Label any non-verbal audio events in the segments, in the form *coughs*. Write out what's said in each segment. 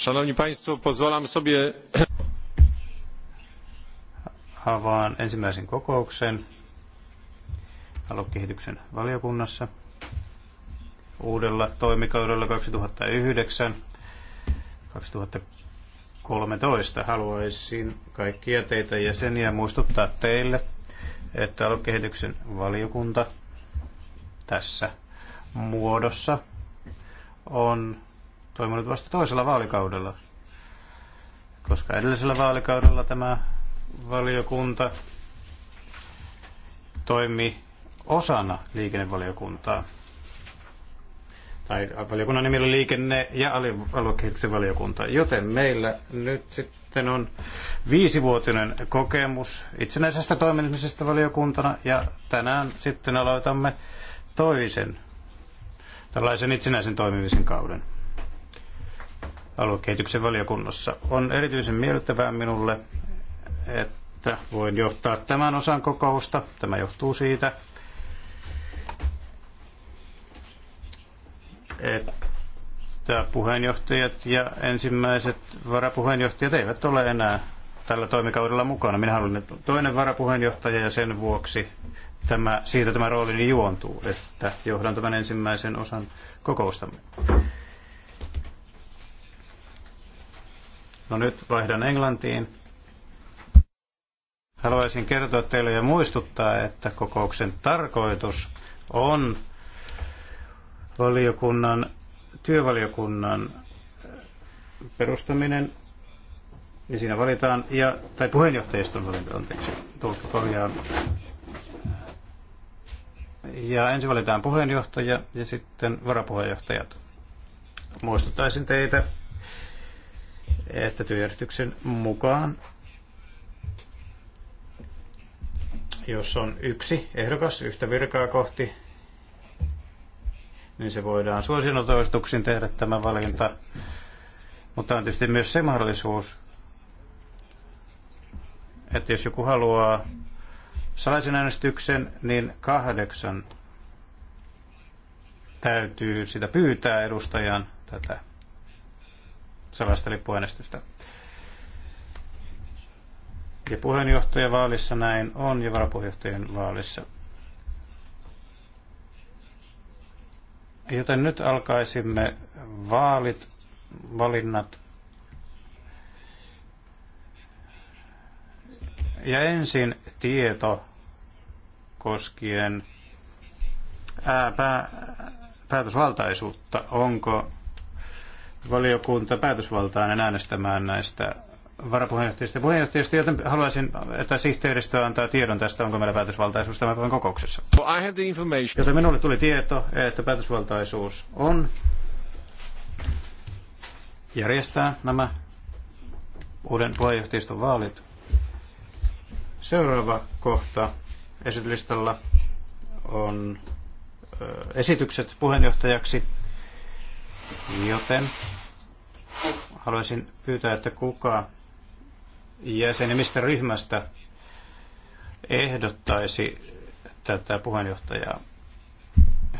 Szanowni Państwo, pozwalam sobie... Avaan ensimmäisen kokouksen aluekehityksen valiokunnassa uudella toimikaudella 2009 2013 haluaisin kaikkia teitä jäseniä muistuttaa teille, että aluekehityksen valiokunta tässä muodossa on toiminut vasta toisella vaalikaudella, koska edellisellä vaalikaudella tämä valiokunta toimi osana liikennevaliokuntaa. Tai valiokunnan nimellä liikenne- ja aluekehityksen valiokunta. Joten meillä nyt sitten on viisivuotinen kokemus itsenäisestä toimimisesta valiokuntana ja tänään sitten aloitamme toisen tällaisen itsenäisen toimimisen kauden aluekehityksen valiokunnassa. On erityisen miellyttävää minulle, että voin johtaa tämän osan kokousta. Tämä johtuu siitä, että puheenjohtajat ja ensimmäiset varapuheenjohtajat eivät ole enää tällä toimikaudella mukana. Minä olen toinen varapuheenjohtaja ja sen vuoksi tämä, siitä tämä roolini juontuu, että johdan tämän ensimmäisen osan kokoustamme. No nyt vaihdan Englantiin. Haluaisin kertoa teille ja muistuttaa, että kokouksen tarkoitus on valiokunnan, työvaliokunnan perustaminen, ja siinä valitaan, ja, tai puheenjohtajiston valinta, anteeksi, tulkki korjaa. Ja ensin valitaan puheenjohtaja ja sitten varapuheenjohtajat. Muistuttaisin teitä että työjärjestyksen mukaan, jos on yksi ehdokas yhtä virkaa kohti, niin se voidaan suosionotoistuksiin tehdä tämä valinta. Mutta on tietysti myös se mahdollisuus, että jos joku haluaa salaisen äänestyksen, niin kahdeksan täytyy sitä pyytää edustajan tätä salaista lippuäänestystä. Ja puheenjohtaja vaalissa näin on ja varapuheenjohtajan vaalissa. Joten nyt alkaisimme vaalit, valinnat. Ja ensin tieto koskien ää, pää, päätösvaltaisuutta. Onko valiokunta päätösvaltainen äänestämään näistä varapuheenjohtajista ja puheenjohtajista, joten haluaisin, että sihteeristö antaa tiedon tästä, onko meillä päätösvaltaisuus tämän päivän kokouksessa. Well, joten minulle tuli tieto, että päätösvaltaisuus on järjestää nämä uuden puheenjohtajiston vaalit. Seuraava kohta esityslistalla on esitykset puheenjohtajaksi. Joten haluaisin pyytää, että kuka jäsenemistä ryhmästä ehdottaisi tätä puheenjohtajaa.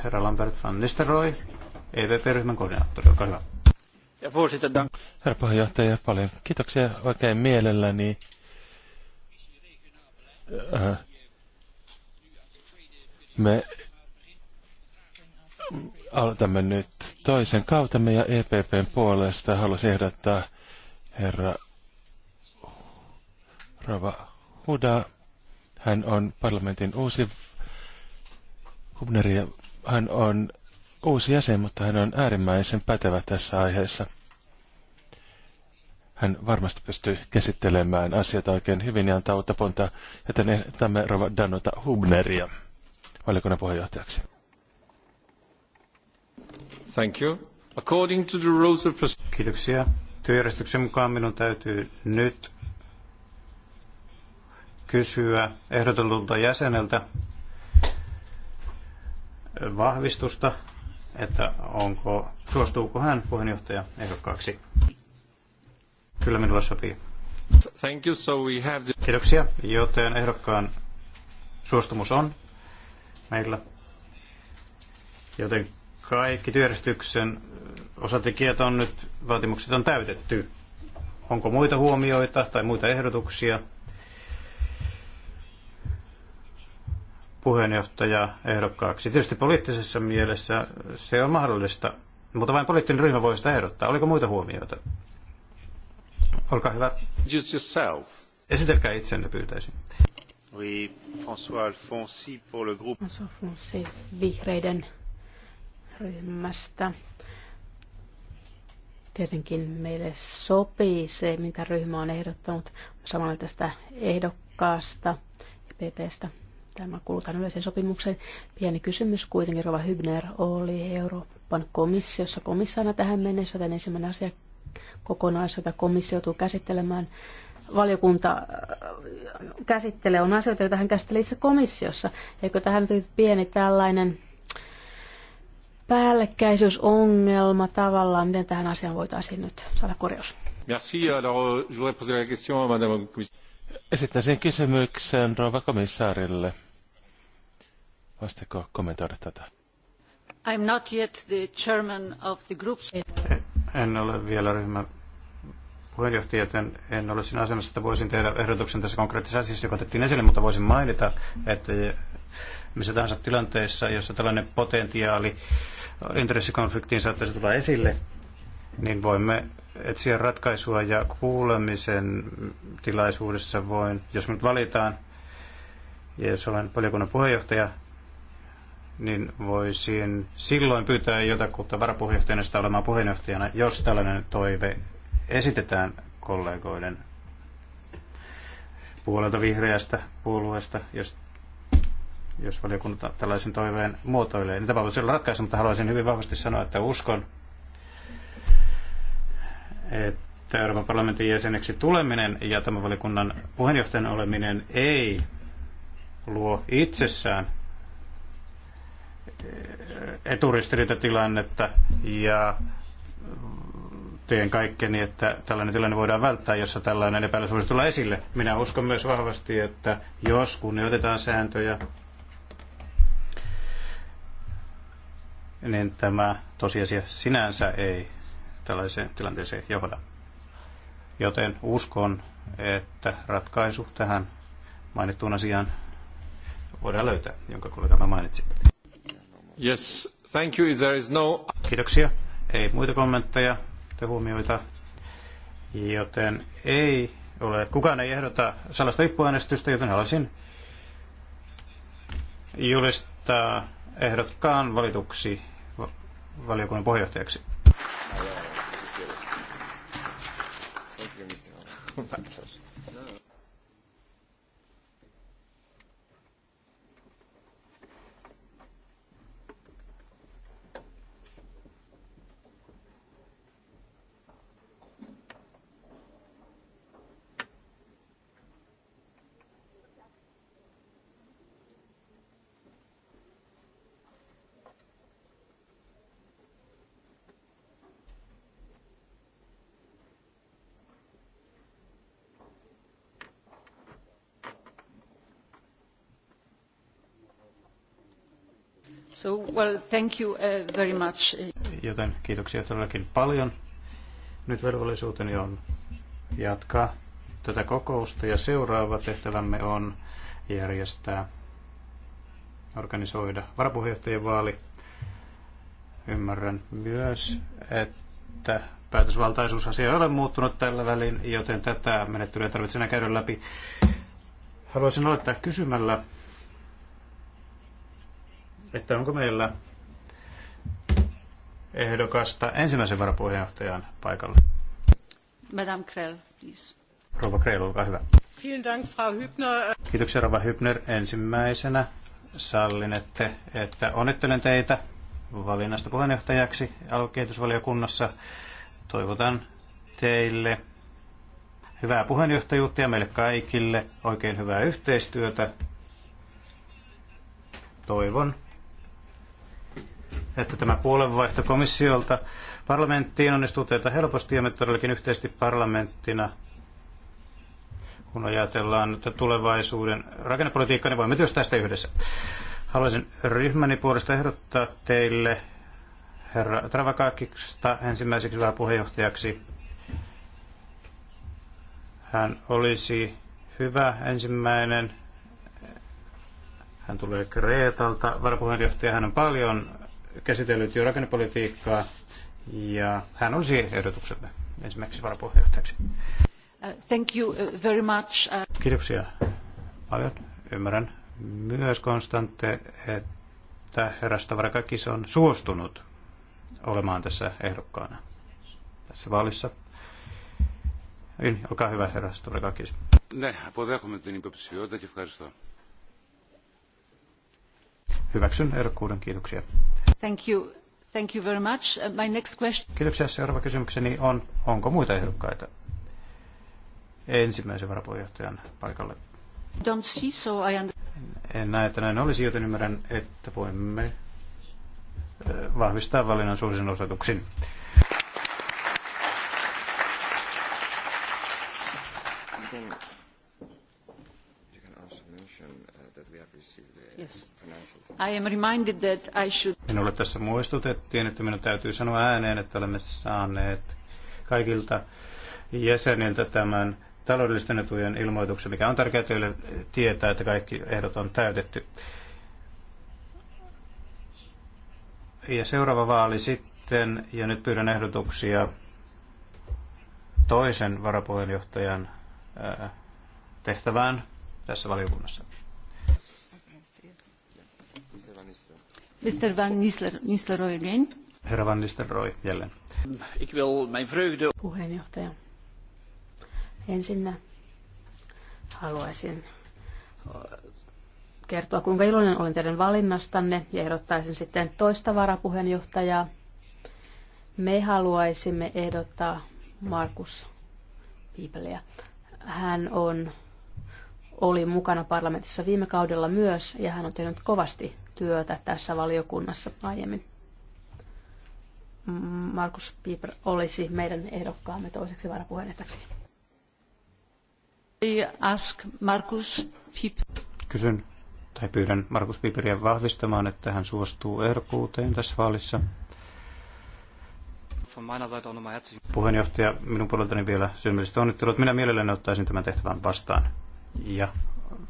Herra Lambert van Nistelrooy, EVP-ryhmän koordinaattori, olkaa hyvä. Ja Herra puheenjohtaja, paljon kiitoksia oikein mielelläni. Äh, me Aloitamme nyt toisen kautemme ja EPPn puolesta haluaisin ehdottaa herra Rava Huda. Hän on parlamentin uusi Hubneri hän on uusi jäsen, mutta hän on äärimmäisen pätevä tässä aiheessa. Hän varmasti pystyy käsittelemään asiat oikein hyvin ja antaa uutta pontaa, joten tämä Rova Danuta Hubneria valiokunnan puheenjohtajaksi. Thank you. According to the rules of... Kiitoksia. Työjärjestyksen mukaan minun täytyy nyt kysyä ehdotetulta jäseneltä vahvistusta, että onko, suostuuko hän puheenjohtaja ehdokkaaksi. Kyllä minulla sopii. Thank you, so we have the... Kiitoksia, joten ehdokkaan suostumus on meillä. Joten kaikki työjärjestyksen osatekijät on nyt, vaatimukset on täytetty. Onko muita huomioita tai muita ehdotuksia? puheenjohtaja ehdokkaaksi. Tietysti poliittisessa mielessä se on mahdollista, mutta vain poliittinen ryhmä voi sitä ehdottaa. Oliko muita huomioita? Olkaa hyvä. Just yourself. Esitelkää itsenne pyytäisin. Oui, François Alfonsi pour le groupe. François Alfonsi, vihreiden ryhmästä. Tietenkin meille sopii se, mitä ryhmä on ehdottanut samalla tästä ehdokkaasta ja e PPstä. Tämä kulutaan yleisen sopimuksen Pieni kysymys kuitenkin. Rova Hybner oli Euroopan komissiossa komissaana tähän mennessä, joten ensimmäinen asia kokonaisuus, jota komissio joutuu käsittelemään valiokunta äh, käsittelee, on asioita, joita hän käsitteli itse komissiossa. Eikö tähän nyt pieni tällainen päällekkäisyysongelma tavallaan, miten tähän asiaan voitaisiin nyt saada korjaus? Merci. Alors, je poser la question Esittäisin kysymyksen rouva komissaarille. Voisitteko kommentoida tätä? I'm not yet the chairman of the group. En ole vielä ryhmän puheenjohtaja, joten en ole siinä asemassa, että voisin tehdä ehdotuksen tässä konkreettisessa asiassa, joka otettiin esille, mutta voisin mainita, että missä tahansa tilanteessa, jossa tällainen potentiaali intressikonfliktiin saattaisi tulla esille, niin voimme etsiä ratkaisua ja kuulemisen tilaisuudessa voin, jos minut valitaan, ja jos olen paljonkunnan puheenjohtaja, niin voisin silloin pyytää jotakuta varapuheenjohtajana sitä olemaan puheenjohtajana, jos tällainen toive esitetään kollegoiden puolelta vihreästä puolueesta, jos jos valiokunta tällaisen toiveen muotoilee. Niin tämä voisi olla ratkaisu, mutta haluaisin hyvin vahvasti sanoa, että uskon, että Euroopan parlamentin jäseneksi tuleminen ja tämän valiokunnan puheenjohtajana oleminen ei luo itsessään eturistiriitatilannetta ja teen kaikkeni, että tällainen tilanne voidaan välttää, jossa tällainen epäilys voisi tulla esille. Minä uskon myös vahvasti, että jos kunnioitetaan sääntöjä, niin tämä tosiasia sinänsä ei tällaiseen tilanteeseen johda. Joten uskon, että ratkaisu tähän mainittuun asiaan voidaan löytää, jonka kollegamme mainitsi. Yes, thank you. There is no... Kiitoksia. Ei muita kommentteja tai huomioita, joten ei ole. Kukaan ei ehdota sellaista lippuäänestystä, joten haluaisin julistaa ehdokkaan valituksi valiokunnan puheenjohtajaksi. So, well, thank you uh, very much. Joten kiitoksia todellakin paljon. Nyt velvollisuuteni on jatkaa tätä kokousta ja seuraava tehtävämme on järjestää, organisoida varapuheenjohtajien vaali. Ymmärrän myös, että päätösvaltaisuusasia ei ole muuttunut tällä välin, joten tätä menettelyä tarvitsee käydä läpi. Haluaisin aloittaa kysymällä, että onko meillä ehdokasta ensimmäisen varapuheenjohtajan paikalle. Madame Krell, please. Rouva Krell, olkaa hyvä. Vielen Dank, Frau Hübner. Kiitoksia, Rouva Hübner. Ensimmäisenä sallinette, että onnittelen teitä valinnasta puheenjohtajaksi aluekehitysvaliokunnassa. Toivotan teille hyvää puheenjohtajuutta ja meille kaikille oikein hyvää yhteistyötä. Toivon, että tämä puolenvaihto komissiolta parlamenttiin onnistuu teiltä helposti ja me todellakin yhteisesti parlamenttina kun ajatellaan että tulevaisuuden rakennepolitiikkaa, niin voimme työstää sitä yhdessä. Haluaisin ryhmäni puolesta ehdottaa teille herra Travakakista ensimmäiseksi vähän puheenjohtajaksi. Hän olisi hyvä ensimmäinen. Hän tulee Kreetalta. Varapuheenjohtaja, hän on paljon käsitellyt jo rakennepolitiikkaa ja hän on siihen ehdotukselle ensimmäiseksi varapuheenjohtajaksi. Uh, thank you uh, very much. Uh, kiitoksia paljon. Ymmärrän myös Konstante, että herra Stavrakakis on suostunut olemaan tässä ehdokkaana tässä vaalissa. Yli, niin, olkaa hyvä, herra Stavrakakis. Hyväksyn ehdokkuuden, kiitoksia. Kiitoksia. Seuraava kysymykseni on, onko muita ehdokkaita ensimmäisen varapuheenjohtajan paikalle? Don't see, so I En näe, että näin olisi, joten ymmärrän, että voimme äh, vahvistaa valinnan suurisin osoituksin. Yes. I am reminded that I should... Minulle tässä muistutettiin, että minun täytyy sanoa ääneen, että olemme saaneet kaikilta jäseniltä tämän taloudellisten etujen ilmoituksen, mikä on tärkeää teille tietää, että kaikki ehdot on täytetty. Ja seuraava vaali sitten, ja nyt pyydän ehdotuksia toisen varapuheenjohtajan tehtävään tässä valiokunnassa. Mr. Van Nisler, again. Herra Van Nistelrooy jälleen. Ik wil mijn vreugde... Puheenjohtaja. Ensinnä haluaisin kertoa, kuinka iloinen olen teidän valinnastanne ja ehdottaisin sitten toista varapuheenjohtajaa. Me haluaisimme ehdottaa Markus Piipeliä. Hän on, oli mukana parlamentissa viime kaudella myös ja hän on tehnyt kovasti työtä tässä valiokunnassa aiemmin. Markus Piper olisi meidän ehdokkaamme toiseksi varapuheenjohtajaksi. Ask Markus Kysyn tai pyydän Markus Piperiä vahvistamaan, että hän suostuu ehdokkuuteen tässä vaalissa. Puheenjohtaja, minun puoleltani vielä sydämelliset onnittelut. Minä mielelläni ottaisin tämän tehtävän vastaan ja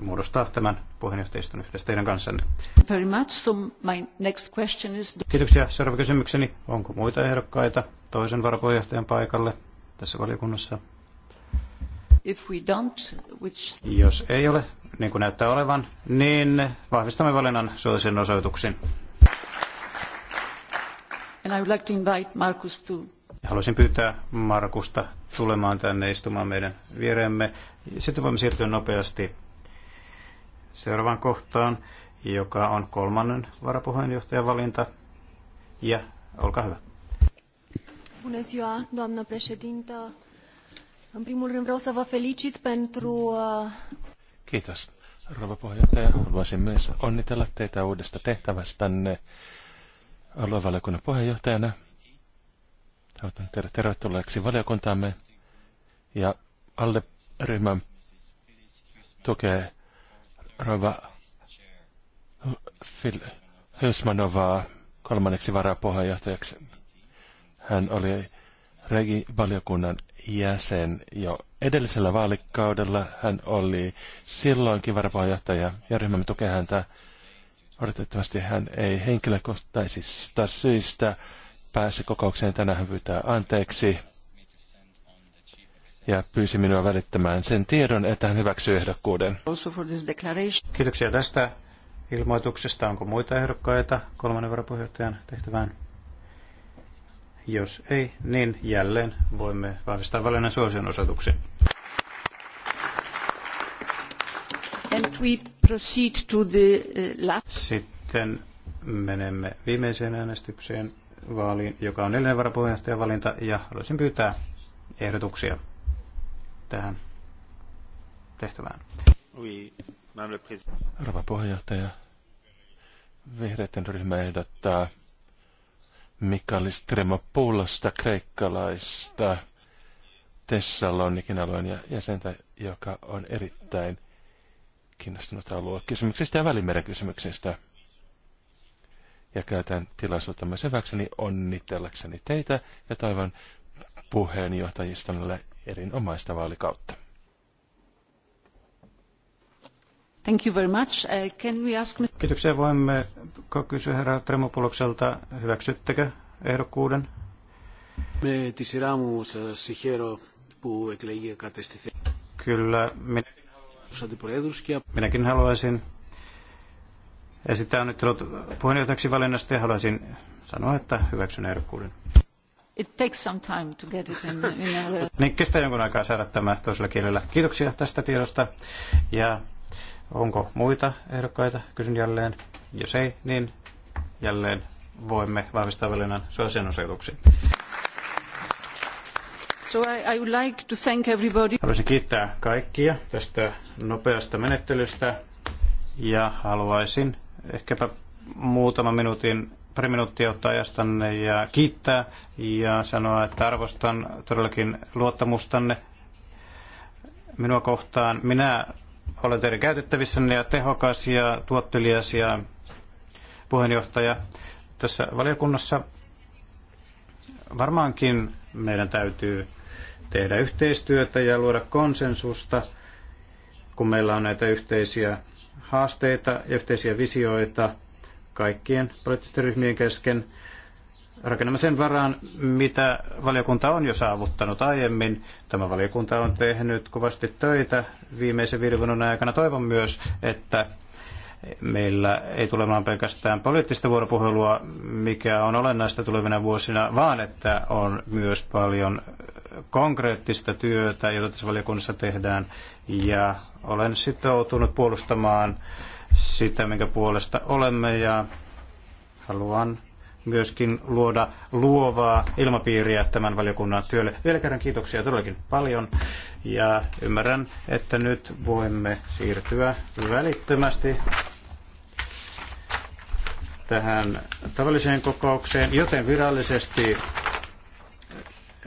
muodostaa tämän puheenjohtajiston yhdessä teidän kanssanne. Very much. So my next question is... Kiitoksia. Seuraava kysymykseni. Onko muita ehdokkaita toisen varapuheenjohtajan paikalle tässä valiokunnassa? If we don't, which... Jos ei ole, niin kuin näyttää olevan, niin vahvistamme valinnan suosien osoituksin. And I would like to invite Markus to Haluaisin pyytää Markusta tulemaan tänne istumaan meidän viereemme. Sitten voimme siirtyä nopeasti seuraavaan kohtaan, joka on kolmannen varapuheenjohtajan valinta. Ja olkaa hyvä. Bună ziua, doamnă președintă. În primul rând vreau să vă felicit pentru... Uh, Kiitos, rouva puheenjohtaja. Haluaisin myös onnitella teitä uudesta tehtävästänne aluevaliokunnan puheenjohtajana. Haluan teidät tervetulleeksi valiokuntaamme ja alle ryhmän tukee Rova Phil Hysmanovaa kolmanneksi varapuheenjohtajaksi. Hän oli Regi-valiokunnan jäsen jo edellisellä vaalikaudella. Hän oli silloinkin varapuheenjohtaja ja ryhmämme tukee häntä. Odotettavasti hän ei henkilökohtaisista syistä pääse kokoukseen. Tänään hän pyytää anteeksi ja pyysi minua välittämään sen tiedon, että hän hyväksyy ehdokkuuden. Kiitoksia tästä ilmoituksesta. Onko muita ehdokkaita kolmannen varapuheenjohtajan tehtävään? Jos ei, niin jälleen voimme vahvistaa valinnan suosion osoituksen. Uh, Sitten menemme viimeiseen äänestykseen vaaliin, joka on neljännen varapuheenjohtajan valinta, ja haluaisin pyytää ehdotuksia tähän tehtävään. Oui, Rouva puheenjohtaja, vihreiden ryhmä ehdottaa Mikalis Tremopoulosta kreikkalaista Tessalonikin alueen jäsentä, joka on erittäin kiinnostunut alue ja välimeren kysymyksistä. Ja käytän tilaisuutta myös hyväkseni onnitellakseni teitä ja toivon puheenjohtajistonille erinomaista vaalikautta. Thank you very much. Uh, can we ask... Kiitoksia. Voimme kysyä herra Tremopulokselta, hyväksyttekö ehdokkuuden? Me τη σειρά μου σας Kyllä, minäkin haluaisin esittää onnittelut puheenjohtajaksi valinnasta ja haluaisin sanoa, että hyväksyn ehdokkuuden. It takes some time to get it in, in *laughs* Niin kestää jonkun aikaa saada tämä toisella kielellä. Kiitoksia tästä tiedosta. Ja onko muita ehdokkaita? Kysyn jälleen. Jos ei, niin jälleen voimme vahvistaa välinnän suosien osoituksiin. So I, I would like to thank everybody. Haluaisin kiittää kaikkia tästä nopeasta menettelystä ja haluaisin ehkäpä muutaman minuutin pari minuuttia ottaa ajastanne ja kiittää ja sanoa, että arvostan todellakin luottamustanne minua kohtaan. Minä olen teidän käytettävissänne ja tehokas ja tuottelias ja puheenjohtaja tässä valiokunnassa. Varmaankin meidän täytyy tehdä yhteistyötä ja luoda konsensusta, kun meillä on näitä yhteisiä haasteita ja yhteisiä visioita – kaikkien poliittisten ryhmien kesken. Rakennamme sen varaan, mitä valiokunta on jo saavuttanut aiemmin. Tämä valiokunta on tehnyt kovasti töitä viimeisen viiden vuoden aikana. Toivon myös, että meillä ei tulemaan pelkästään poliittista vuoropuhelua, mikä on olennaista tulevina vuosina, vaan että on myös paljon konkreettista työtä, jota tässä valiokunnassa tehdään. Ja olen sitoutunut puolustamaan sitä, minkä puolesta olemme ja haluan myöskin luoda luovaa ilmapiiriä tämän valiokunnan työlle. Vielä kerran kiitoksia todellakin paljon ja ymmärrän, että nyt voimme siirtyä välittömästi tähän tavalliseen kokoukseen, joten virallisesti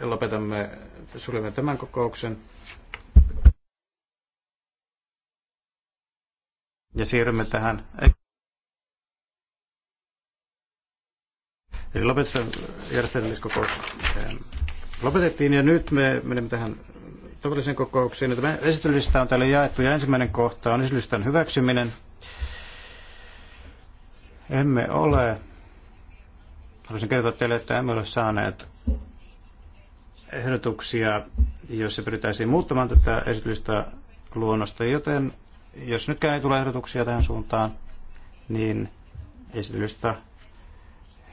lopetamme, suljemme tämän kokouksen. Ja siirrymme tähän. Eli lopetetaan järjestelmälliskokous. Lopetettiin ja nyt me menemme tähän tavalliseen kokoukseen. Tämä esityslista on täällä jaettu ja ensimmäinen kohta on esityslistan hyväksyminen. Emme ole, haluaisin kertoa teille, että emme ole saaneet ehdotuksia, joissa pyritäisiin muuttamaan tätä esitystä luonnosta, joten jos nytkään ei tule ehdotuksia tähän suuntaan, niin esitystä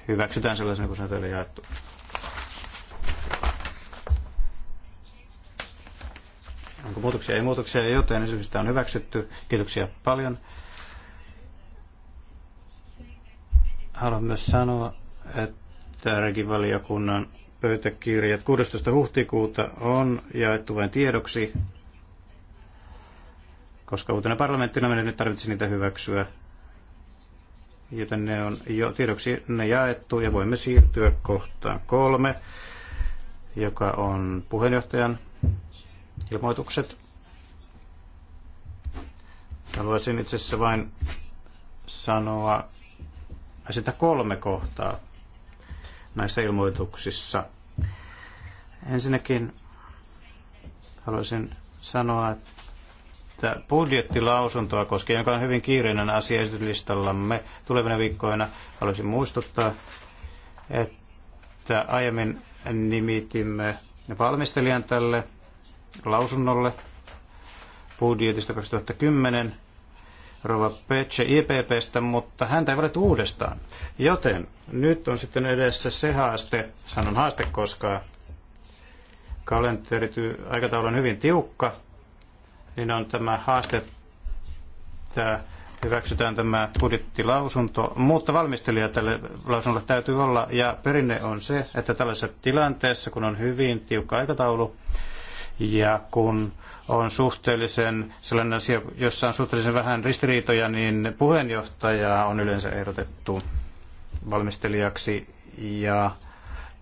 hyväksytään sellaisena kuin se on teille jaettu. Onko muutoksia? Ei muutoksia, joten esitystä on hyväksytty. Kiitoksia paljon. Haluan myös sanoa, että regivaliokunnan pöytäkirjat 16. huhtikuuta on jaettu vain tiedoksi koska uutena parlamenttina meidän nyt tarvitse niitä hyväksyä. Joten ne on jo tiedoksi ne jaettu ja voimme siirtyä kohtaan kolme, joka on puheenjohtajan ilmoitukset. Haluaisin itse asiassa vain sanoa sitä kolme kohtaa näissä ilmoituksissa. Ensinnäkin haluaisin sanoa, että että budjettilausuntoa koskien, joka on hyvin kiireinen asia esityslistallamme tulevina viikkoina. Haluaisin muistuttaa, että aiemmin nimitimme valmistelijan tälle lausunnolle budjetista 2010 Rova Petsche IPPstä, mutta häntä ei valittu uudestaan. Joten nyt on sitten edessä se haaste, sanon haaste, koska kalenteri, aikataulu on hyvin tiukka, niin on tämä haaste, että hyväksytään tämä budjettilausunto, mutta valmistelija tälle lausunnolle täytyy olla, ja perinne on se, että tällaisessa tilanteessa, kun on hyvin tiukka aikataulu, ja kun on suhteellisen sellainen asia, jossa on suhteellisen vähän ristiriitoja, niin puheenjohtaja on yleensä ehdotettu valmistelijaksi, ja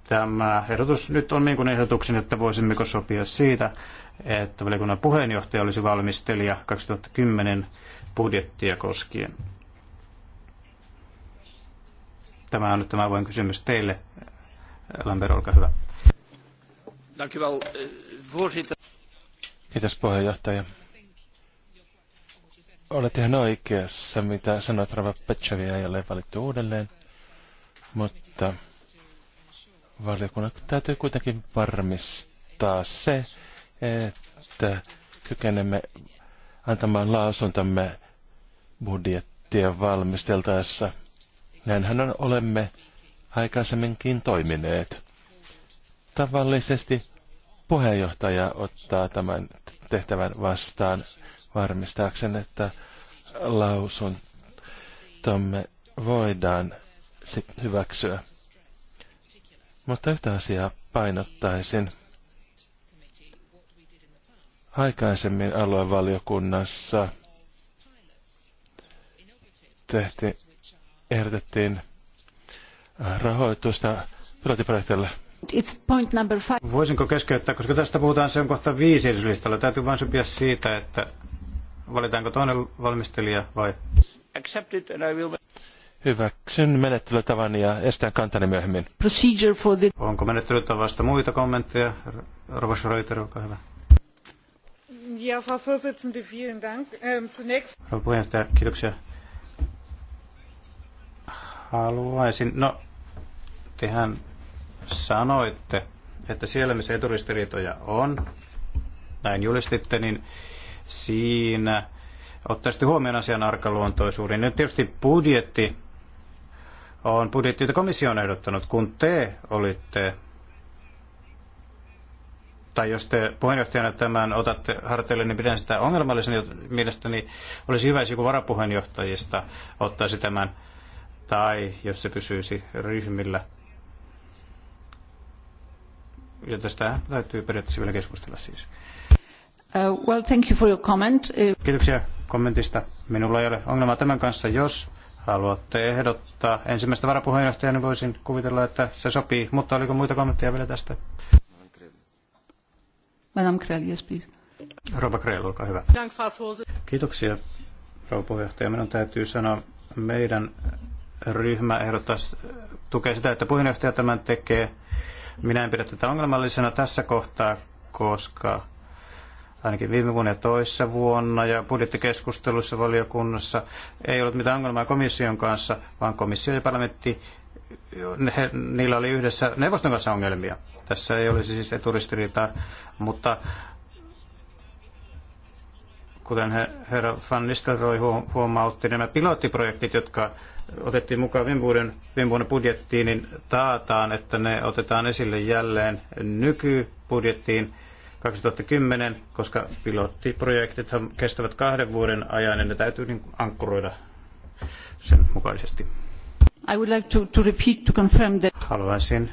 tämä ehdotus nyt on niin kuin ehdotuksen, että voisimmeko sopia siitä, että valiokunnan puheenjohtaja olisi valmistelija 2010 budjettia koskien. Tämä on nyt tämä avoin kysymys teille. Lambert, olkaa hyvä. Eh, Kiitos puheenjohtaja. Olet ihan oikeassa, mitä sanoit Rava Petsäviä ei ole valittu uudelleen, mutta valiokunnan täytyy kuitenkin varmistaa se, että kykenemme antamaan lausuntamme budjettia valmisteltaessa. Näinhän on, olemme aikaisemminkin toimineet. Tavallisesti puheenjohtaja ottaa tämän tehtävän vastaan varmistaakseen, että lausuntomme voidaan hyväksyä. Mutta yhtä asiaa painottaisin. Aikaisemmin aluevaliokunnassa tehtiin, ehdotettiin äh, rahoitusta pilotiprojektille. It's point number five. Voisinko keskeyttää, koska tästä puhutaan sen kohta viisi listalla. Täytyy vain sopia siitä, että valitaanko toinen valmistelija vai... Hyväksyn menettelytavan ja estän kantani myöhemmin. Procedure for the... Onko menettelytavasta muita kommentteja? Arvoisa Reuter, olkaa hyvä. Frau Vorsitzende, vielen Dank. Ähm, zunächst... puheenjohtaja, kiitoksia. Haluaisin, no, tehän sanoitte, että siellä missä eturistiriitoja on, näin julistitte, niin siinä ottaisitte huomioon asian arkaluontoisuuden. Nyt tietysti budjetti on budjetti, jota komissio on ehdottanut, kun te olitte tai jos te puheenjohtajana tämän otatte harteille, niin pidän sitä ongelmallisena. Mielestäni olisi hyvä, jos joku varapuheenjohtajista ottaisi tämän, tai jos se pysyisi ryhmillä. Ja tästä täytyy periaatteessa vielä keskustella siis. Uh, well, thank you for your comment. Uh, Kiitoksia kommentista. Minulla ei ole ongelmaa tämän kanssa, jos haluatte ehdottaa ensimmäistä varapuheenjohtajaa, niin voisin kuvitella, että se sopii. Mutta oliko muita kommentteja vielä tästä? Madame Krell, yes, please. Krell, olkaa hyvä. Kiitoksia, rouva puheenjohtaja. Minun täytyy sanoa, meidän ryhmä ehdottaa, tukea sitä, että puheenjohtaja tämän tekee. Minä en pidä tätä ongelmallisena tässä kohtaa, koska ainakin viime vuonna ja toissa vuonna ja budjettikeskusteluissa valiokunnassa ei ollut mitään ongelmaa komission kanssa, vaan komissio ja parlamentti, ne, niillä oli yhdessä neuvoston kanssa ongelmia. Tässä ei olisi siis eturistiriitaa, mutta kuten herra Van Nistelrooy huomautti, nämä pilottiprojektit, jotka otettiin mukaan viime vuoden, viime vuoden budjettiin, niin taataan, että ne otetaan esille jälleen nykybudjettiin 2010, koska pilottiprojektit kestävät kahden vuoden ajan ja ne täytyy niin ankkuroida sen mukaisesti. I would like to, to repeat to confirm that. Haluaisin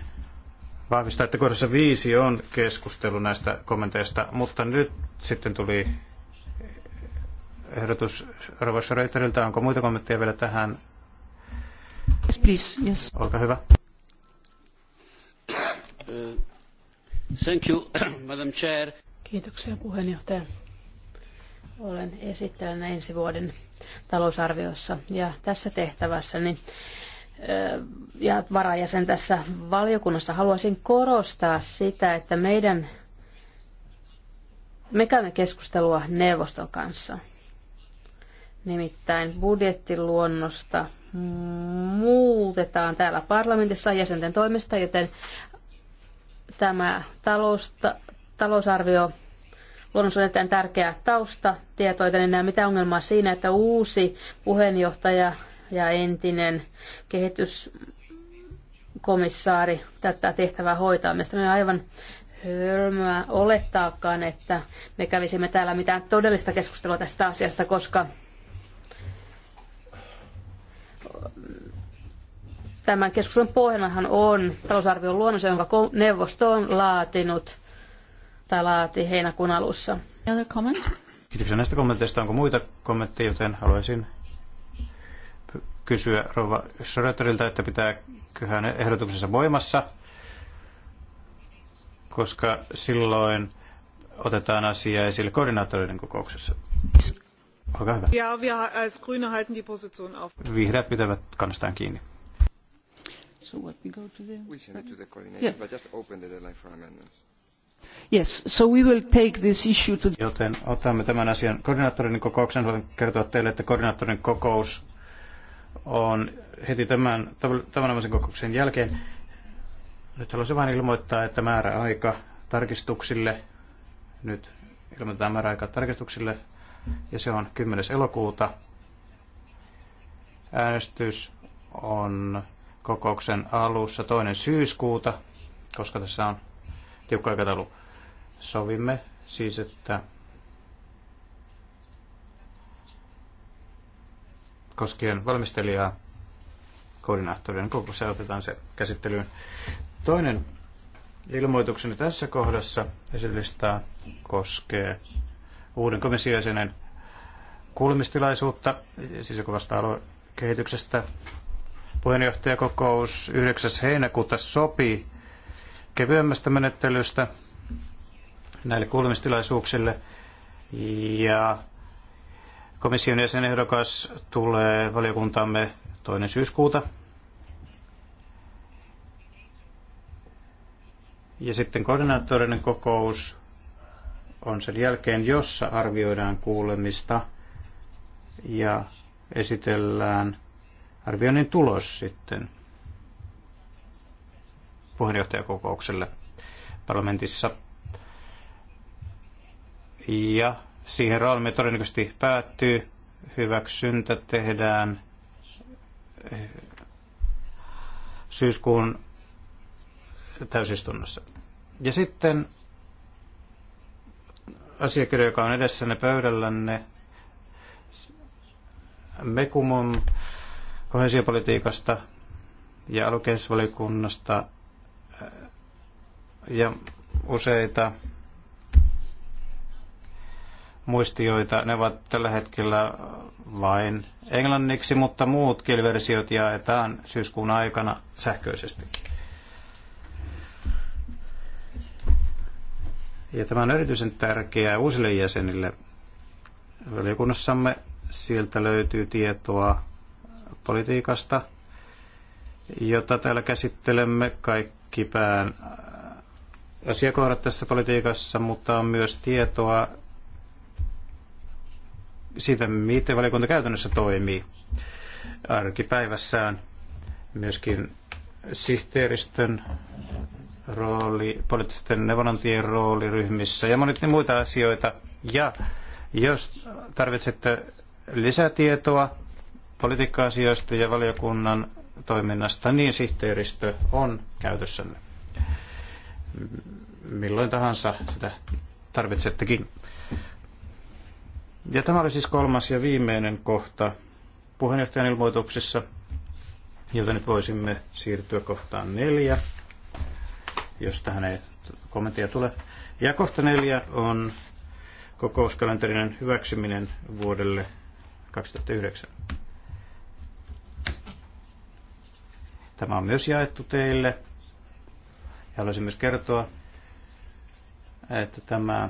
vahvistaa, että kohdassa viisi on keskustelu näistä kommenteista, mutta nyt sitten tuli ehdotus Rova Schreiteriltä. Onko muita kommentteja vielä tähän? Yes, please. Yes. Olkaa hyvä. Uh, thank you, *coughs* Madam Chair. Kiitoksia puheenjohtaja. Olen esittelen ensi vuoden talousarviossa ja tässä tehtävässäni niin ja varajäsen tässä valiokunnassa, haluaisin korostaa sitä, että meidän, me käymme keskustelua neuvoston kanssa. Nimittäin budjettiluonnosta muutetaan täällä parlamentissa jäsenten toimesta, joten tämä talousta, talousarvio luonnos on erittäin tärkeä tausta tietoita, niin mitä ongelmaa siinä, että uusi puheenjohtaja ja entinen kehityskomissaari tätä tehtävää hoitaa. Mielestäni on aivan hölmöä olettaakaan, että me kävisimme täällä mitään todellista keskustelua tästä asiasta, koska tämän keskustelun pohjanahan on talousarvion luonnos, jonka neuvosto on laatinut tai laati heinäkuun alussa. Kiitoksia näistä kommenteista. Onko muita kommentteja, joten haluaisin kysyä Rova Schröterilta, että pitääkö hänen ehdotuksensa voimassa, koska silloin otetaan asia esille koordinaattoreiden kokouksessa. Olkaa hyvä. Ja wir als Grüne halten die Position auf. Vihreät pitävät kannastaan kiinni. So what we go to the... We send it to the coordinators, yeah. but just open the deadline for amendments. Yes, so we will take this issue to... Joten otamme tämän asian koordinaattorin kokouksen. Haluan kertoa teille, että koordinaattorin kokous on heti tämän tavanomaisen kokouksen jälkeen. Nyt haluaisin vain ilmoittaa, että määräaika tarkistuksille, nyt ilmoitetaan määräaika tarkistuksille, ja se on 10. elokuuta. Äänestys on kokouksen alussa toinen syyskuuta, koska tässä on tiukka aikataulu. Sovimme siis, että koskien valmistelijaa koordinaattorien se otetaan se käsittelyyn. Toinen ilmoitukseni tässä kohdassa esilistaa koskee uuden komissiojäsenen kuulemistilaisuutta, siis joku vasta kehityksestä. Puheenjohtajakokous 9. heinäkuuta sopii kevyemmästä menettelystä näille kuulemistilaisuuksille ja Komission jäsenehdokas tulee valiokuntamme toinen syyskuuta. Ja sitten koordinaattorinen kokous on sen jälkeen, jossa arvioidaan kuulemista ja esitellään arvioinnin tulos sitten puheenjohtajakokoukselle parlamentissa. Ja Siihen raami todennäköisesti päättyy. Hyväksyntä tehdään eh, syyskuun täysistunnossa. Ja sitten asiakirja, joka on edessänne pöydällänne, Mekumon kohesiopolitiikasta ja alueellisuusvaliokunnasta eh, ja useita muistioita. Ne ovat tällä hetkellä vain englanniksi, mutta muut kieliversiot jaetaan syyskuun aikana sähköisesti. Ja tämä on erityisen tärkeää uusille jäsenille. Valiokunnassamme sieltä löytyy tietoa politiikasta, jota täällä käsittelemme kaikki pään asiakohdat tässä politiikassa, mutta on myös tietoa siitä, miten valiokunta käytännössä toimii arkipäivässään. Myöskin sihteeristön rooli, poliittisten neuvonantien rooli ryhmissä ja monet muita asioita. Ja jos tarvitsette lisätietoa politiikka-asioista ja valiokunnan toiminnasta, niin sihteeristö on käytössänne milloin tahansa sitä tarvitsettekin. Ja tämä oli siis kolmas ja viimeinen kohta puheenjohtajan ilmoituksessa, jota nyt voisimme siirtyä kohtaan neljä, jos tähän ei kommenttia tule. Ja kohta neljä on kokouskalenterinen hyväksyminen vuodelle 2009. Tämä on myös jaettu teille. Ja haluaisin myös kertoa, että tämä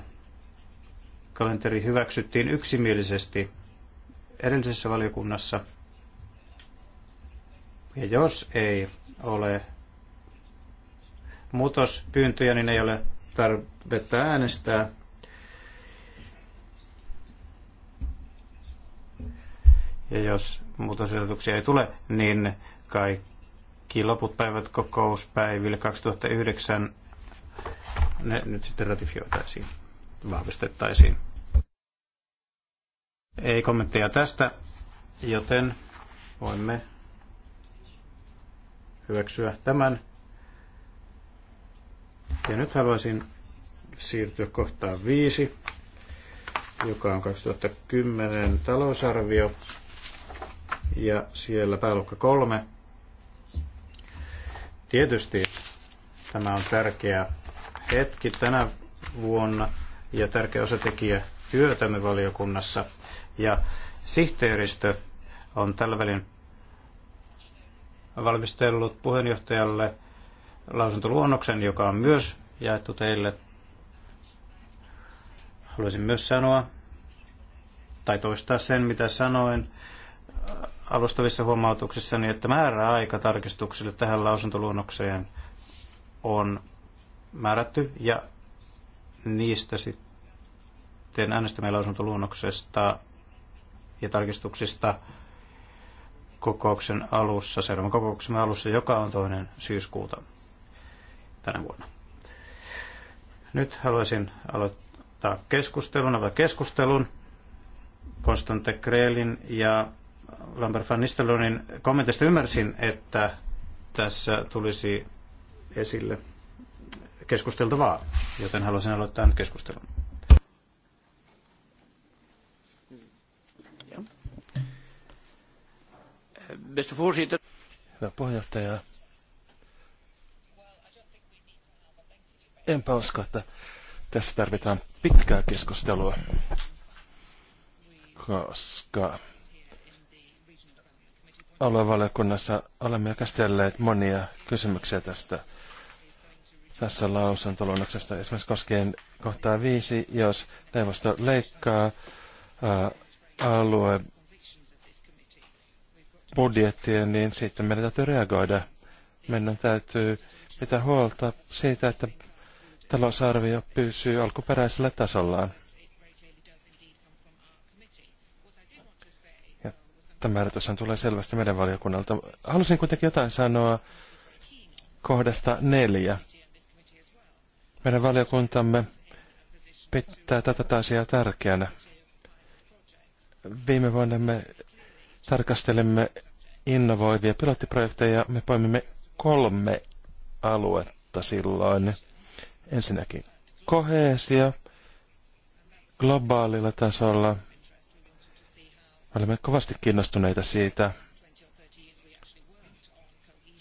kalenteri hyväksyttiin yksimielisesti edellisessä valiokunnassa. Ja jos ei ole muutospyyntöjä, niin ei ole tarvetta äänestää. Ja jos muutosehdotuksia ei tule, niin kaikki loput päivät kokouspäiville 2009 ne nyt sitten ratifioitaisiin vahvistettaisiin. Ei kommentteja tästä, joten voimme hyväksyä tämän. Ja nyt haluaisin siirtyä kohtaan viisi, joka on 2010 talousarvio. Ja siellä pääluokka kolme. Tietysti tämä on tärkeä hetki tänä vuonna – ja tärkeä osatekijä työtämme valiokunnassa. Ja sihteeristö on tällä välin valmistellut puheenjohtajalle lausuntoluonnoksen, joka on myös jaettu teille. Haluaisin myös sanoa, tai toistaa sen, mitä sanoin alustavissa niin että määräaika tarkistuksille tähän lausuntoluonnokseen on määrätty ja niistä sitten sitten äänestämme lausuntoluonnoksesta ja tarkistuksista kokouksen alussa, seuraavan kokouksen alussa, joka on toinen syyskuuta tänä vuonna. Nyt haluaisin aloittaa keskustelun, avata keskustelun Konstante Krelin ja Lambert van Nistelonin kommenteista ymmärsin, että tässä tulisi esille keskusteltavaa, joten haluaisin aloittaa nyt keskustelun. beste voorzitter. Hyvä puheenjohtaja. Enpä usko, että tässä tarvitaan pitkää keskustelua, koska aluevaliokunnassa olemme jo käsitelleet monia kysymyksiä tästä tässä lausuntoluonnoksesta, esimerkiksi koskien kohtaa viisi, jos neuvosto leikkaa ää, alue budjettiin, niin sitten meidän täytyy reagoida. Meidän täytyy pitää huolta siitä, että talousarvio pysyy alkuperäisellä tasollaan. Ja tämä ehdotushan tulee selvästi meidän valiokunnalta. Halusin kuitenkin jotain sanoa kohdasta neljä. Meidän valiokuntamme pitää tätä asiaa tärkeänä. Viime vuonna me tarkastelemme innovoivia pilottiprojekteja. Me poimimme kolme aluetta silloin. Ensinnäkin koheesia globaalilla tasolla. Olemme kovasti kiinnostuneita siitä.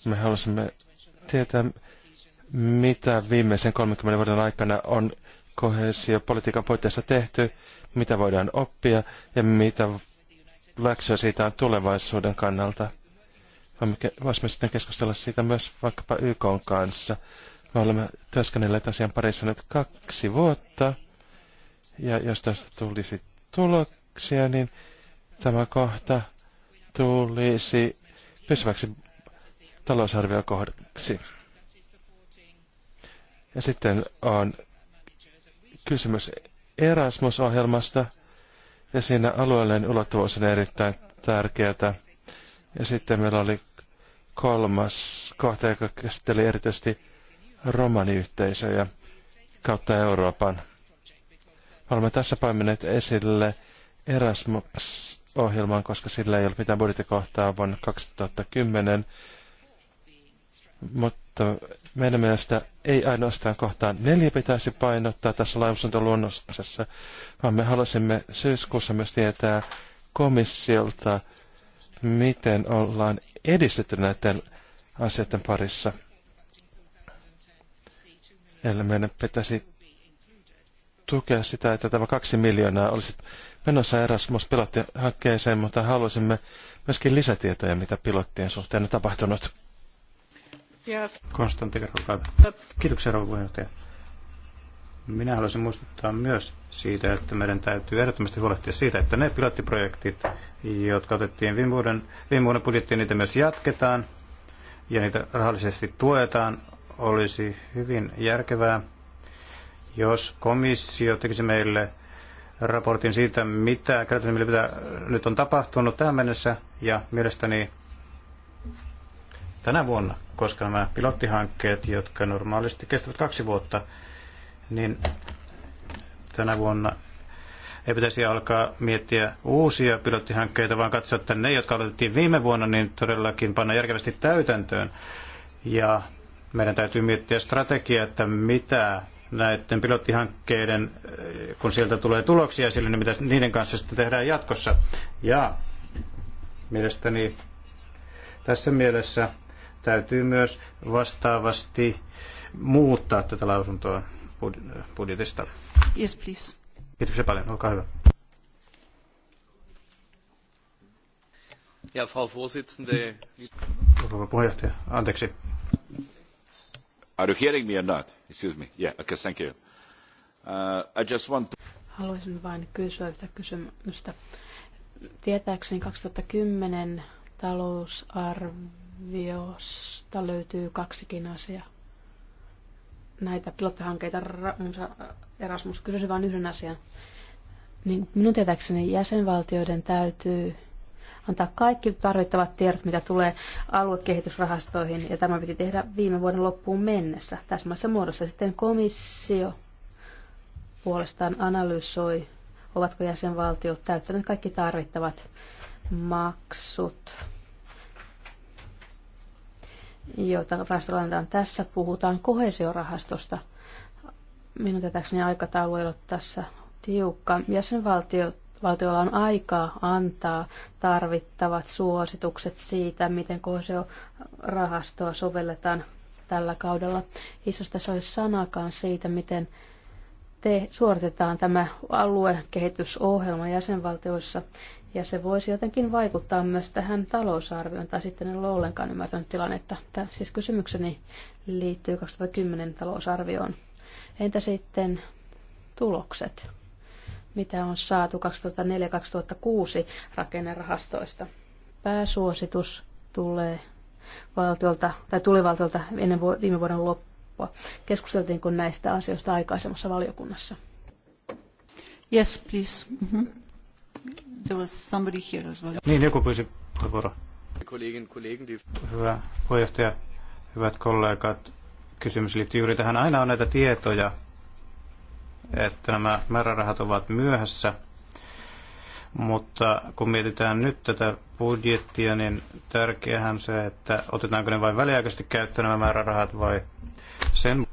Me haluaisimme tietää, mitä viimeisen 30 vuoden aikana on koheesiopolitiikan puitteissa tehty, mitä voidaan oppia ja mitä läksyä siitä on tulevaisuuden kannalta. Voisimme sitten keskustella siitä myös vaikkapa YK kanssa. Me olemme työskennelleet asian parissa nyt kaksi vuotta. Ja jos tästä tulisi tuloksia, niin tämä kohta tulisi pysyväksi talousarviokohdaksi. Ja sitten on kysymys Erasmus-ohjelmasta – ja siinä alueellinen niin ulottuvuus on erittäin tärkeää. Ja sitten meillä oli kolmas kohta, joka käsitteli erityisesti romaniyhteisöjä kautta Euroopan. Olemme tässä paimineet esille Erasmus-ohjelman, koska sillä ei ole mitään budjettikohtaa vuonna 2010, mutta että meidän mielestä ei ainoastaan kohtaan neljä pitäisi painottaa tässä lausuntoluonnoksessa, vaan me halusimme syyskuussa myös tietää komissiolta, miten ollaan edistetty näiden asioiden parissa. Eli meidän pitäisi tukea sitä, että tämä kaksi miljoonaa olisi menossa Erasmus pilottihankkeeseen, mutta haluaisimme myöskin lisätietoja, mitä pilottien suhteen on tapahtunut. Konstantti Kiitoksia rouva puheenjohtaja. Minä haluaisin muistuttaa myös siitä, että meidän täytyy ehdottomasti huolehtia siitä, että ne pilottiprojektit, jotka otettiin viime vuoden, viime vuoden budjettiin, niitä myös jatketaan ja niitä rahallisesti tuetaan. Olisi hyvin järkevää, jos komissio tekisi meille raportin siitä, mitä käytännössä mitä nyt on tapahtunut tähän mennessä, ja mielestäni tänä vuonna, koska nämä pilottihankkeet, jotka normaalisti kestävät kaksi vuotta, niin tänä vuonna ei pitäisi alkaa miettiä uusia pilottihankkeita, vaan katsoa, että ne, jotka aloitettiin viime vuonna, niin todellakin panna järkevästi täytäntöön. Ja meidän täytyy miettiä strategiaa, että mitä näiden pilottihankkeiden, kun sieltä tulee tuloksia sille, niin mitä niiden kanssa sitten tehdään jatkossa. Ja mielestäni tässä mielessä täytyy myös vastaavasti muuttaa tätä lausuntoa budjetista. Yes, please. Kiitoksia paljon, olkaa hyvä. Ja, Frau Vorsitzende. Rouva puheenjohtaja, anteeksi. Are you hearing me or not? Excuse me. Yeah, okay, thank you. Uh, I just want to... Haluaisin vain kysyä yhtä kysymystä. Tietääkseni 2010 talousarvio Viosta löytyy kaksikin asiaa. Näitä pilottihankkeita Erasmus kysyisi vain yhden asian. Niin minun tietääkseni jäsenvaltioiden täytyy antaa kaikki tarvittavat tiedot, mitä tulee aluekehitysrahastoihin, ja tämä piti tehdä viime vuoden loppuun mennessä täsmässä muodossa. Sitten komissio puolestaan analysoi, ovatko jäsenvaltiot täyttäneet kaikki tarvittavat maksut jota rahastolla tässä. Puhutaan kohesiorahastosta. Minun tätäkseni aikataulu ei ole tässä tiukka. Jäsenvaltiot on aikaa antaa tarvittavat suositukset siitä, miten kohesiorahastoa sovelletaan tällä kaudella. Itse asiassa tässä olisi sanakaan siitä, miten te suoritetaan tämä aluekehitysohjelma jäsenvaltioissa ja se voisi jotenkin vaikuttaa myös tähän talousarvioon, tai sitten en ole ollenkaan ymmärtänyt tilannetta. Tämä, siis kysymykseni liittyy 2010 talousarvioon. Entä sitten tulokset? Mitä on saatu 2004-2006 rakennerahastoista? Pääsuositus tulee valtiolta, tai tuli valtiolta ennen viime vuoden loppua. Keskusteltiinko näistä asioista aikaisemmassa valiokunnassa? Yes, please. Mm-hmm. There was somebody here as well. Niin, joku pyysi Hyvä puheenjohtaja, hyvät kollegat. Kysymys liittyy juuri tähän. Aina on näitä tietoja, että nämä määrärahat ovat myöhässä. Mutta kun mietitään nyt tätä budjettia, niin tärkeähän se, että otetaanko ne vain väliaikaisesti käyttöön nämä määrärahat vai sen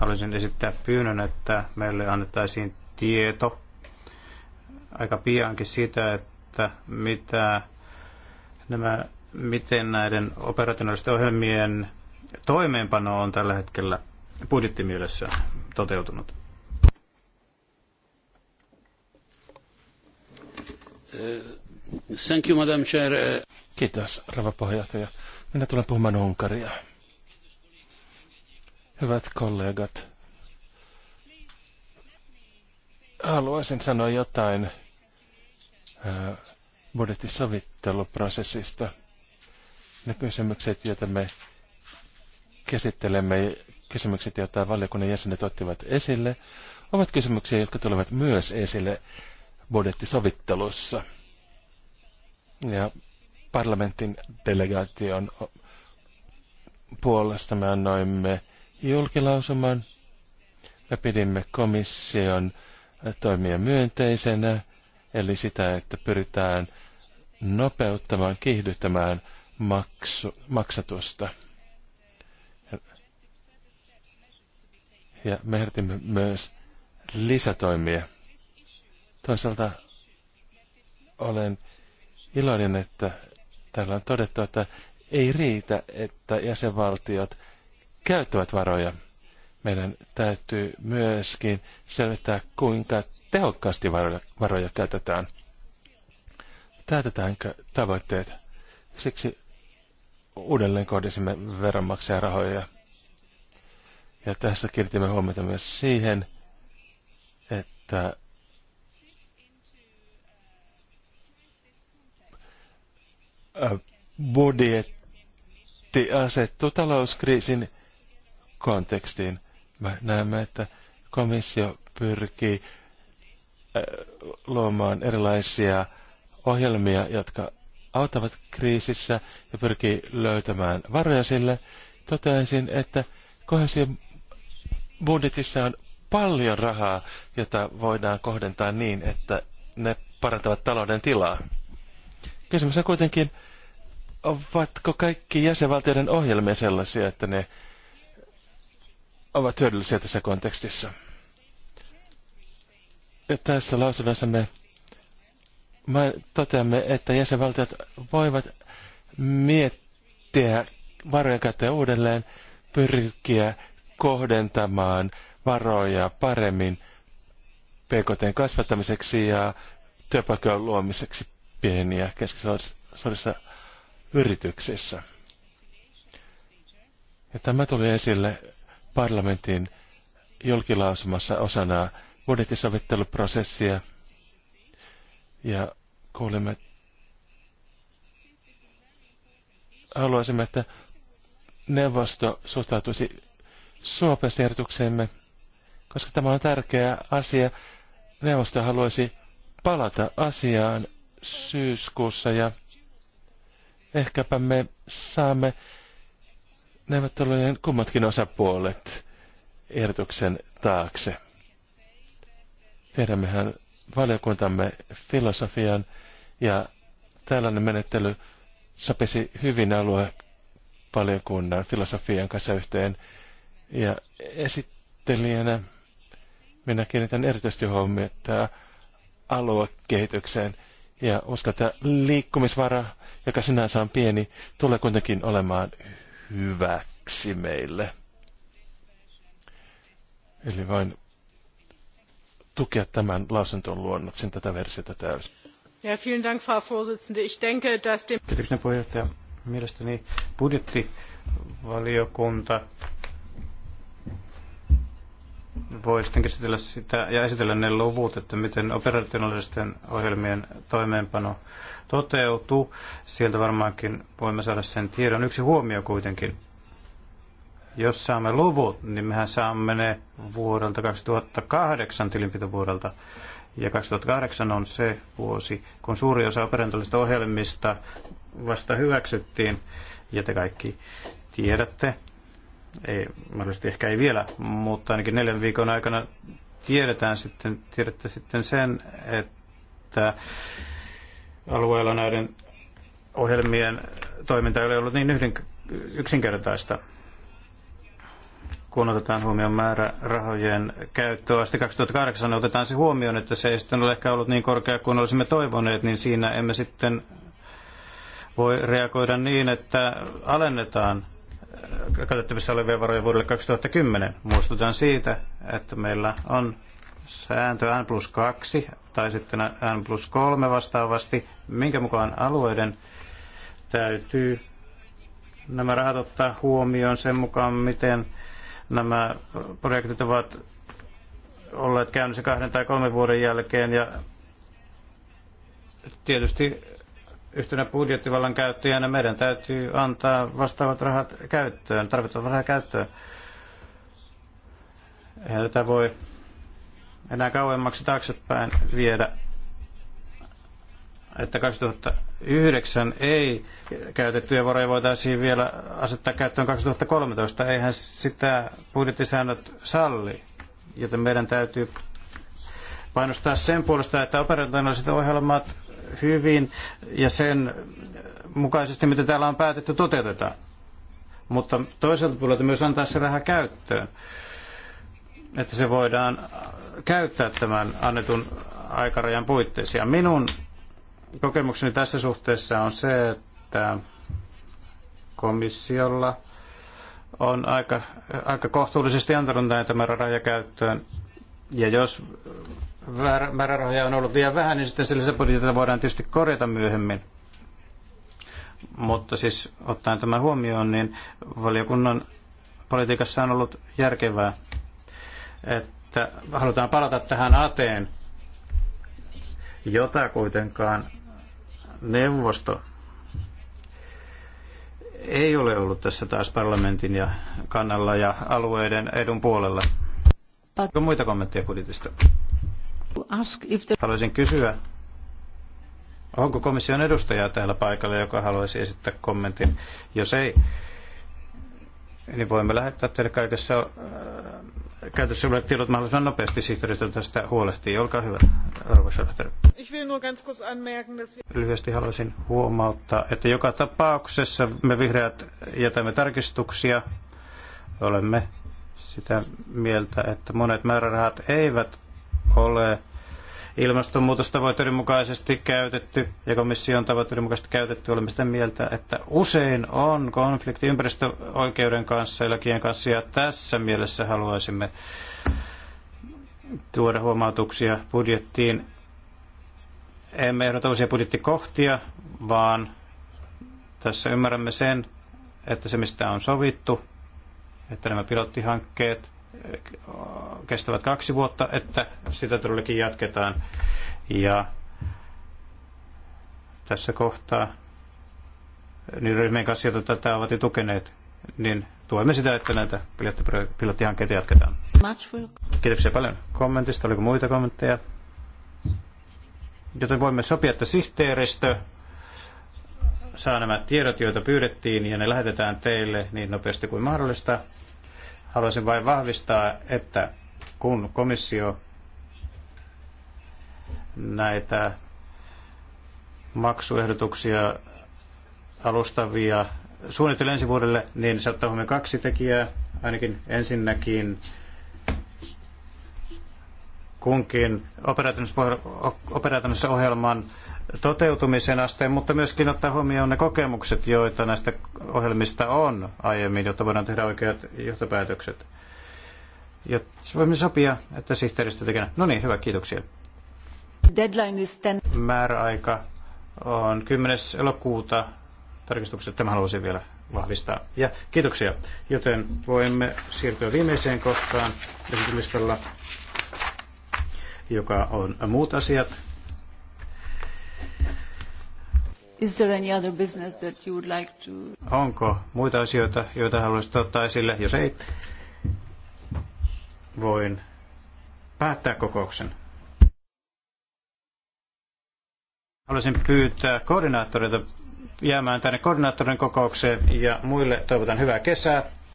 haluaisin esittää pyynnön, että meille annettaisiin tieto aika piankin sitä, että mitä nämä, miten näiden operationaalisten ohjelmien toimeenpano on tällä hetkellä budjettimielessä toteutunut. Thank you, Madam Chair. Kiitos, rouva puheenjohtaja. Minä tulen puhumaan Unkaria. Hyvät kollegat, Haluaisin sanoa jotain budjettisovitteluprosessista. Ne kysymykset, joita me käsittelemme, kysymykset, joita valiokunnan jäsenet ottivat esille, ovat kysymyksiä, jotka tulevat myös esille budjettisovittelussa. Ja parlamentin delegaation puolesta me annoimme julkilausuman ja pidimme komission toimia myönteisenä, eli sitä, että pyritään nopeuttamaan, kiihdyttämään maksu, maksatusta. Ja, me ehdotimme myös lisätoimia. Toisaalta olen iloinen, että täällä on todettu, että ei riitä, että jäsenvaltiot käyttävät varoja meidän täytyy myöskin selvittää, kuinka tehokkaasti varoja, varoja käytetään. Täytetäänkö tavoitteet? Siksi uudelleen kohdisimme veronmaksajan rahoja. Ja tässä kiinnitimme huomiota myös siihen, että budjetti asettuu talouskriisin kontekstiin. Me näemme, että komissio pyrkii äh, luomaan erilaisia ohjelmia, jotka auttavat kriisissä ja pyrkii löytämään varoja sille. Toteaisin, että kohdasien budjetissa on paljon rahaa, jota voidaan kohdentaa niin, että ne parantavat talouden tilaa. Kysymys on kuitenkin, ovatko kaikki jäsenvaltioiden ohjelmia sellaisia, että ne ovat hyödyllisiä tässä kontekstissa. Ja tässä me, toteamme, että jäsenvaltiot voivat miettiä varojen käyttöä uudelleen, pyrkiä kohdentamaan varoja paremmin PKT kasvattamiseksi ja työpaikkojen luomiseksi pieniä keskisuurissa yrityksissä. Ja tämä tuli esille parlamentin julkilausumassa osana budjettisovitteluprosessia. Ja kuulimme, haluaisimme, että neuvosto suhtautuisi suopeasti ehdotukseemme, koska tämä on tärkeä asia. Neuvosto haluaisi palata asiaan syyskuussa ja ehkäpä me saamme neuvottelujen kummatkin osapuolet ehdotuksen taakse. Tiedämmehän valiokuntamme filosofian ja tällainen menettely sopisi hyvin valiokunnan filosofian kanssa yhteen. Ja esittelijänä minä kiinnitän erityisesti huomiota aluekehitykseen ja uskon, että liikkumisvara, joka sinänsä on pieni, tulee kuitenkin olemaan hyväksi meille. Eli vain tukea tämän lausunton luonnoksen tätä versiota täysin. Ja, vielen Dank, Frau Vorsitzende. Ich denke, dass dem... Kiitoksia puheenjohtaja. Mielestäni budjettivaliokunta voi sitten käsitellä sitä ja esitellä ne luvut, että miten operationaalisten ohjelmien toimeenpano toteutuu. Sieltä varmaankin voimme saada sen tiedon. Yksi huomio kuitenkin. Jos saamme luvut, niin mehän saamme ne vuodelta 2008 tilinpitovuodelta. Ja 2008 on se vuosi, kun suuri osa operationaalisista ohjelmista vasta hyväksyttiin. Ja te kaikki tiedätte, ei, mahdollisesti ehkä ei vielä, mutta ainakin neljän viikon aikana tiedetään sitten, tiedätte sitten sen, että alueella näiden ohjelmien toiminta ei ole ollut niin yhden, yksinkertaista, kun otetaan huomioon määrä rahojen käyttöä. Asti 2008 otetaan se huomioon, että se ei sitten ole ehkä ollut niin korkea kuin olisimme toivoneet, niin siinä emme sitten voi reagoida niin, että alennetaan käytettävissä olevia varoja vuodelle 2010. Muistutan siitä, että meillä on sääntö N plus 2 tai sitten N plus 3 vastaavasti, minkä mukaan alueiden täytyy nämä rahat ottaa huomioon sen mukaan, miten nämä projektit ovat olleet käynnissä kahden tai kolmen vuoden jälkeen. Ja tietysti yhtenä budjettivallan käyttäjänä meidän täytyy antaa vastaavat rahat käyttöön, tarvittavat rahat käyttöön. Eihän tätä voi enää kauemmaksi taaksepäin viedä, että 2009 ei käytettyjä varoja voitaisiin vielä asettaa käyttöön 2013. Eihän sitä budjettisäännöt salli, joten meidän täytyy painostaa sen puolesta, että operationaaliset ohjelmat hyvin ja sen mukaisesti, mitä täällä on päätetty, toteutetaan. Mutta toiselta puolelta myös antaa se raha käyttöön, että se voidaan käyttää tämän annetun aikarajan puitteissa. Ja minun kokemukseni tässä suhteessa on se, että komissiolla on aika, aika kohtuullisesti antanut näitä määrärahoja käyttöön. Ja jos määrärahoja on ollut liian vähän, niin sitten se lisäbudjetilla voidaan tietysti korjata myöhemmin. Mutta siis ottaen tämän huomioon, niin valiokunnan politiikassa on ollut järkevää, että halutaan palata tähän Ateen, jota kuitenkaan neuvosto ei ole ollut tässä taas parlamentin ja kannalla ja alueiden edun puolella. Onko muita kommentteja budjetista? Haluaisin kysyä, onko komission edustaja täällä paikalla, joka haluaisi esittää kommentin. Jos ei, niin voimme lähettää teille kaikessa äh, käytössä olevat tiedot mahdollisimman nopeasti. Sihteeristö tästä huolehtii. Olkaa hyvä, arvoisa Lyhyesti haluaisin huomauttaa, että joka tapauksessa me vihreät jätämme tarkistuksia. Olemme sitä mieltä, että monet määrärahat eivät ole ilmastonmuutostavoitteiden mukaisesti käytetty ja komission tavoitteiden mukaisesti käytetty. Olemme sitä mieltä, että usein on konflikti ympäristöoikeuden kanssa ja lakien kanssa ja tässä mielessä haluaisimme tuoda huomautuksia budjettiin. Emme ehdota uusia budjettikohtia, vaan tässä ymmärrämme sen, että se mistä on sovittu, että nämä pilottihankkeet kestävät kaksi vuotta, että sitä todellakin jatketaan. Ja tässä kohtaa niin ryhmien kanssa, joita tätä ovat jo tukeneet, niin tuemme sitä, että näitä pilottihankkeita jatketaan. Kiitoksia paljon kommentista. Oliko muita kommentteja? Joten voimme sopia, että sihteeristö saa nämä tiedot, joita pyydettiin, ja ne lähetetään teille niin nopeasti kuin mahdollista. Haluaisin vain vahvistaa, että kun komissio näitä maksuehdotuksia alustavia suunnittelee ensi vuodelle, niin se ottaa huomioon kaksi tekijää. Ainakin ensinnäkin kunkin operatiivisessa ohjelman toteutumisen asteen, mutta myöskin ottaa huomioon ne kokemukset, joita näistä ohjelmista on aiemmin, jotta voidaan tehdä oikeat johtopäätökset. Ja voimme sopia, että sihteeristö tekee. No niin, hyvä, kiitoksia. Deadline is 10. Määräaika on 10. elokuuta. Tarkistukset tämä haluaisin vielä vahvistaa. Ja kiitoksia. Joten voimme siirtyä viimeiseen kohtaan esityslistalla, joka on muut asiat. Is there any other business that you would like to... Onko muita asioita, joita haluaisit ottaa esille? Jos ei, voin päättää kokouksen. Haluaisin pyytää koordinaattoreita jäämään tänne koordinaattorin kokoukseen ja muille toivotan hyvää kesää.